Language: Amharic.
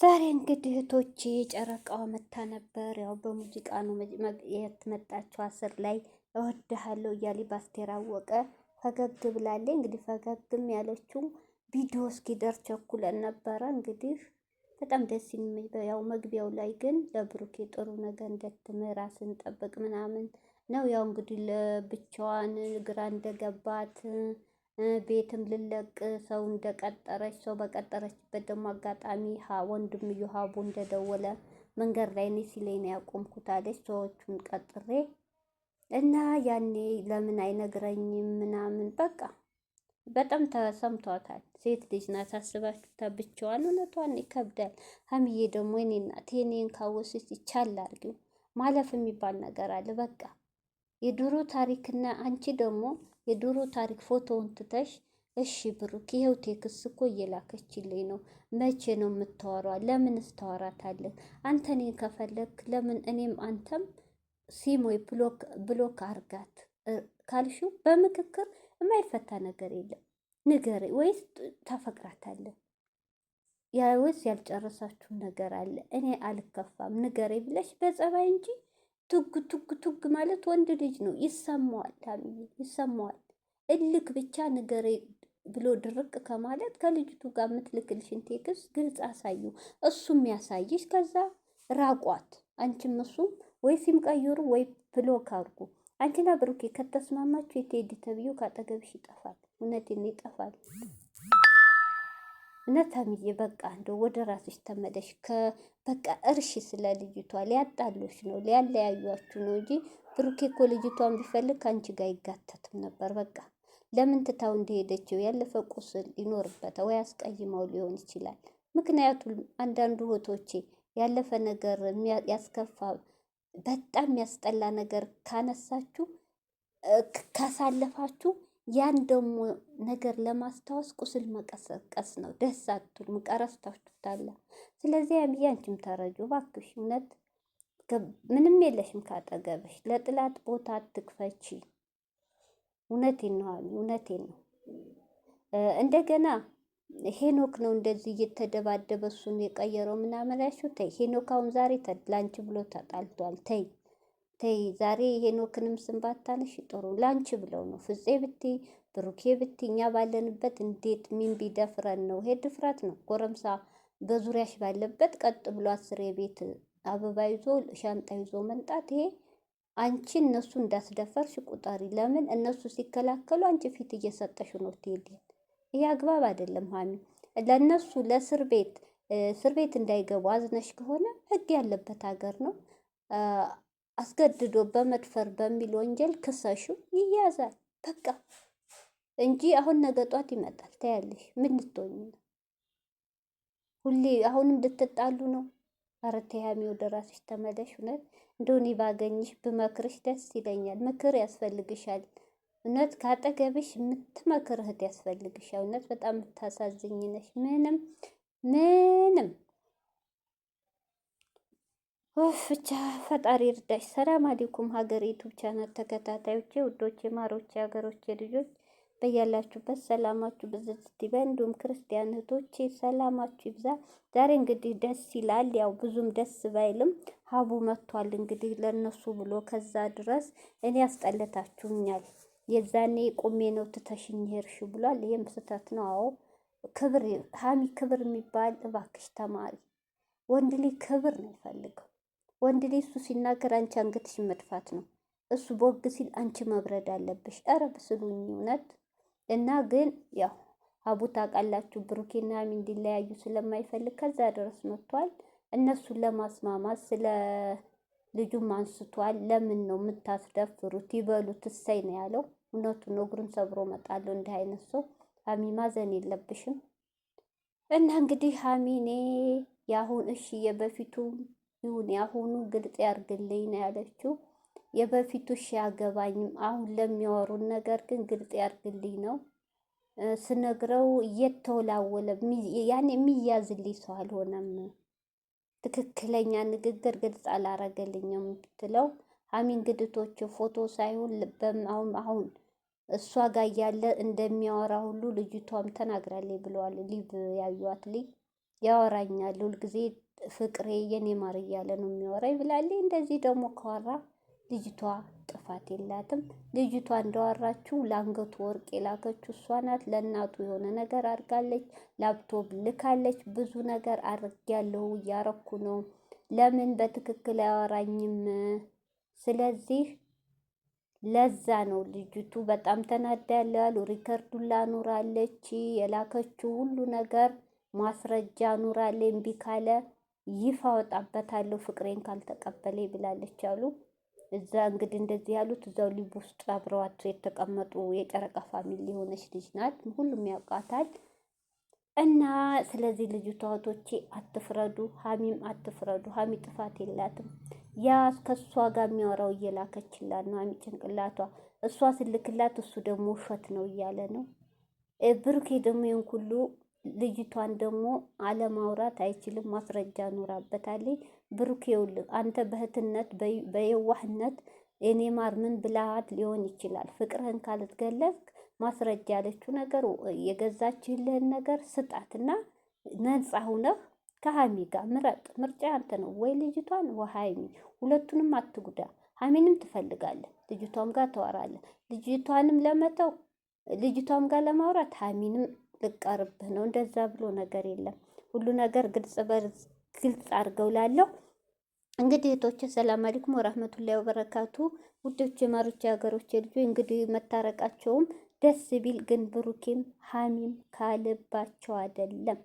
ዛሬ እንግዲህ እህቶቼ ጨረቃዋ መታ ነበር። ያው በሙዚቃ ነው የትመጣቸው አስር ላይ እወድሃለሁ እያለ በአስቴር አወቀ ፈገግ ብላለ። እንግዲህ ፈገግም ያለችው ቪዲዮ እስኪደርስ ቸኩለን ነበረ። እንግዲህ በጣም ደስ የሚል ያው መግቢያው ላይ ግን ለብሩኬ ጥሩ ነገር እንደትምህ ራስን ጠብቅ ምናምን ነው ያው እንግዲህ ለብቻዋን ግራ እንደገባት ቤትም ልለቅ ሰው እንደቀጠረች ሰው በቀጠረችበት ደግሞ አጋጣሚ ወንድም ሀቡ እንደደወለ መንገድ ላይ እኔ ሲለኝ ነው ያቆምኩት አለች። ሰዎቹን ቀጥሬ እና ያኔ ለምን አይነግረኝም ምናምን በቃ በጣም ተሰምቷታል። ሴት ልጅ ናት፣ አስባችሁታ ብቻዋን እውነቷን ይከብዳል። ሀምዬ ደግሞ እኔ እናቴ እኔን ካወሰች ይቻል ማለፍ የሚባል ነገር አለ። በቃ የድሮ ታሪክና አንቺ ደግሞ የድሮ ታሪክ ፎቶውን ትተሽ እሺ ብሩክ ይኸው ቴክስ እኮ እየላከችልኝ ነው። መቼ ነው የምታወራ? ለምን ታወራታለህ? አንተ እኔን ከፈለክ ለምን እኔም አንተም ሲሞይ ብሎክ ብሎክ አርጋት ካልሹ በምክክር የማይፈታ ነገር የለም። ንገሪ ወይስ ታፈቅራታለህ? ወይስ ያልጨረሳችሁ ነገር አለ። እኔ አልከፋም ንገሪ ብለሽ በጸባይ እንጂ ቱግ ቱግ ቱግ ማለት ወንድ ልጅ ነው። ይሰማዋል፣ ታምዬ ይሰማዋል። እልክ ብቻ ንገሬ ብሎ ድርቅ ከማለት ከልጅቱ ጋር የምትልክልሽን ቴክስ ግልጽ አሳዩ፣ እሱም ያሳይሽ። ከዛ ራቋት፣ አንቺም እሱም ወይ ሲም ቀይሩ ወይ ብሎክ አድርጉ። አንቺና ብሩኬ ከተስማማችሁ የቴዲ ተብዬው ካጠገብሽ ይጠፋል። እውነቴን ይጠፋል። እና ተምዬ በቃ እንደው ወደ ራስሽ ተመለሽ። በቃ እርሺ፣ ስለ ልጅቷ ሊያጣሉሽ ነው ሊያለያዩችሁ ነው እንጂ ብሩኬ እኮ ልጅቷን ቢፈልግ ከአንቺ ጋር ይጋተትም ነበር። በቃ ለምን ትታው እንደሄደችው ያለፈ ቁስል ይኖርበታል ወይ አስቀይመው ሊሆን ይችላል። ምክንያቱም አንዳንዱ እህቶቼ ያለፈ ነገር ያስከፋ በጣም ያስጠላ ነገር ካነሳችሁ ካሳለፋችሁ ያን ደግሞ ነገር ለማስታወስ ቁስል መቀሰቀስ ነው። ደስ አትሉም፣ ቀረስታችሁታል። ስለዚህ ሀይሚዬ ያንቺም ተረጁ እባክሽ። እውነት ምንም የለሽም ካጠገብሽ። ለጥላት ቦታ አትክፈቺ። እውነቴን ነው ሀይሚ፣ እውነቴን ነው። እንደገና ሄኖክ ነው እንደዚህ እየተደባደበ እሱን የቀየረው ምናምን ያልሽው፣ ተይ ሄኖክ አሁን ዛሬ ለአንቺ ብሎ ተጣልቷል። ተይ ተይ ዛሬ ሄኖክንም ስም ባታነሺ ጥሩ። ላንቺ ብለው ነው ፍጼ ብትይ ብሩኬ ብትይ እኛ ባለንበት እንዴት ሚን ቢደፍረን ነው? ሄድ ድፍረት ነው። ጎረምሳ በዙሪያሽ ባለበት ቀጥ ብሎ አስር የቤት አበባ ይዞ ሻንጣ ይዞ መምጣት ይሄ አንቺ እነሱ እንዳስደፈርሽ ቁጠሪ። ለምን እነሱ ሲከላከሉ አንቺ ፊት እየሰጠሽ ነው ትሄድል። ይሄ አግባብ አይደለም ሀሚ። ለእነሱ ለእስር ቤት እስር ቤት እንዳይገቡ አዝነሽ ከሆነ ህግ ያለበት ሀገር ነው አስገድዶ በመድፈር በሚል ወንጀል ክሰሹ ይያዛል። በቃ እንጂ አሁን ነገ ጧት ይመጣል። ታያለሽ ምን ልትሆኝ ነው? ሁሌ አሁንም ልትጣሉ ነው? ኧረ ተይ ወደ ራስሽ ተመለሽ። እውነት እንደው እኔ ባገኝሽ ብመክርሽ ደስ ይለኛል። ምክር ያስፈልግሻል። እውነት ካጠገብሽ የምትመክር እህት ያስፈልግሻል። እውነት በጣም የምታሳዝኝ ነሽ። ምንም ምንም ብቻ ፈጣሪ እርዳሽ። ሰላም አለይኩም ሀገር ዩቱብ ቻናል ተከታታዮቼ ውዶቼ፣ ማሮቼ፣ ሀገሮቼ ልጆች በያላችሁበት ሰላማችሁ ብዝት ይበል። እንዲሁም ክርስቲያን እህቶቼ ሰላማችሁ ይብዛ። ዛሬ እንግዲህ ደስ ይላል። ያው ብዙም ደስ ባይልም ሀቡ መጥቷል። እንግዲህ ለነሱ ብሎ ከዛ ድረስ እኔ ያስጠለታችሁኛል። የዛኔ ቁሜ ነው ትተሽኝ ሄድሽ ብሏል። ይህም ስህተት ነው። አዎ ክብር ሀሚ ክብር የሚባል እባክሽ ተማሪ ወንድ ልጅ ክብር ነው ይፈልገው ወንድ ልጅ እሱ ሲናገር አንቺ አንገትሽ መድፋት ነው። እሱ ቦግ ሲል አንቺ መብረድ አለብሽ። ኧረ ብስሉኝ እውነት እና ግን ያው አቡ ታውቃላችሁ፣ ብሩኬና ሀይሚ እንዲለያዩ ስለማይፈልግ ከዛ ድረስ መጥቷል። እነሱን ለማስማማት ስለ ልጁም አንስቷል። ለምን ነው የምታስደፍሩት? ይበሉት እሰይ ነው ያለው። እውነቱን እግሩን ሰብሮ መጣለሁ። እንዲህ አይነት ሰው ሀሚ ማዘን የለብሽም። እና እንግዲህ ሀሚኔ የአሁን እሺ የበፊቱ ይሁን ያሁኑ ግልጽ ያርግልኝ ነው ያለችው። የበፊቱ ሺ አያገባኝም፣ አሁን ለሚያወሩን ነገር ግን ግልጽ ያርግልኝ ነው ስነግረው እየተወላወለ ያን የሚያዝልኝ ሰው አልሆነም። ትክክለኛ ንግግር ግልጽ አላረገልኝም የምትለው አሚን ግድቶች ፎቶ ሳይሆን በአሁን አሁን እሷ ጋር እያለ እንደሚያወራ ሁሉ ልጅቷም ተናግራለች ብለዋል። ሊብ ያዩት ልጅ ያወራኛል ሁልጊዜ ፍቅሬ የኔ ማር እያለ ነው የሚያወራኝ ብላለች። እንደዚህ ደግሞ ከዋራ ልጅቷ ጥፋት የላትም። ልጅቷ እንዳወራችው ለአንገቱ ወርቅ የላከችው እሷ ናት። ለእናቱ የሆነ ነገር አድርጋለች፣ ላፕቶፕ ልካለች። ብዙ ነገር አድርጊያለሁ እያረኩ ነው፣ ለምን በትክክል አያወራኝም? ስለዚህ ለዛ ነው ልጅቱ በጣም ተናዳ ያለዋል። ሪከርዱን ላኑራለች፣ የላከችው ሁሉ ነገር ማስረጃ ኑራለ እምቢ ካለ ይፋ ወጣበታለሁ ፍቅሬን ካልተቀበለ ብላለች አሉ። እዛ እንግዲህ እንደዚህ ያሉት እዛው ሊብ ውስጥ አብረዋቸው የተቀመጡ የጨረቃ ፋሚሊ የሆነች ልጅ ናት፣ ሁሉም ያውቃታል። እና ስለዚህ ልጅቷ ተዋቶቼ አትፍረዱ፣ ሀሚም አትፍረዱ። ሀሚ ጥፋት የላትም። ያ ከእሷ ጋር የሚያወራው እየላከችላት ነው። ሀሚ ጭንቅላቷ እሷ ስልክላት እሱ ደግሞ ውሸት ነው እያለ ነው። ብሩኬ ደግሞ ይህን ሁሉ ልጅቷን ደግሞ አለማውራት አይችልም። ማስረጃ ኖራበታለች። ብሩክ ይኸውልህ አንተ በእህትነት በየዋህነት የኔ ማር ምን ብላሃት ሊሆን ይችላል? ፍቅርህን ካልገለጽክ ማስረጃ ያለችው ነገር የገዛችህልህን ነገር ስጣትና ነጻ ሁነህ ከሀሚ ጋር ምረጥ። ምርጫ አንተ ነው። ወይ ልጅቷን ወይ ሀይሚ፣ ሁለቱንም አትጉዳ። ሀሚንም ትፈልጋለን፣ ልጅቷም ጋር ተዋራለን። ልጅቷንም ለመተው ልጅቷም ጋር ለማውራት ሀሚንም ልቀርብህ ነው እንደዛ ብሎ ነገር የለም። ሁሉ ነገር ግልጽ በግልጽ አድርገው ላለው እንግዲህ እህቶች ሰላም አለይኩም ወራህመቱላሂ ወበረካቱ። ውዶች የማሮች ሀገሮች ልጆ እንግዲህ መታረቃቸውም ደስ ቢል ግን ብሩኬም ሀሚም ካልባቸው አይደለም።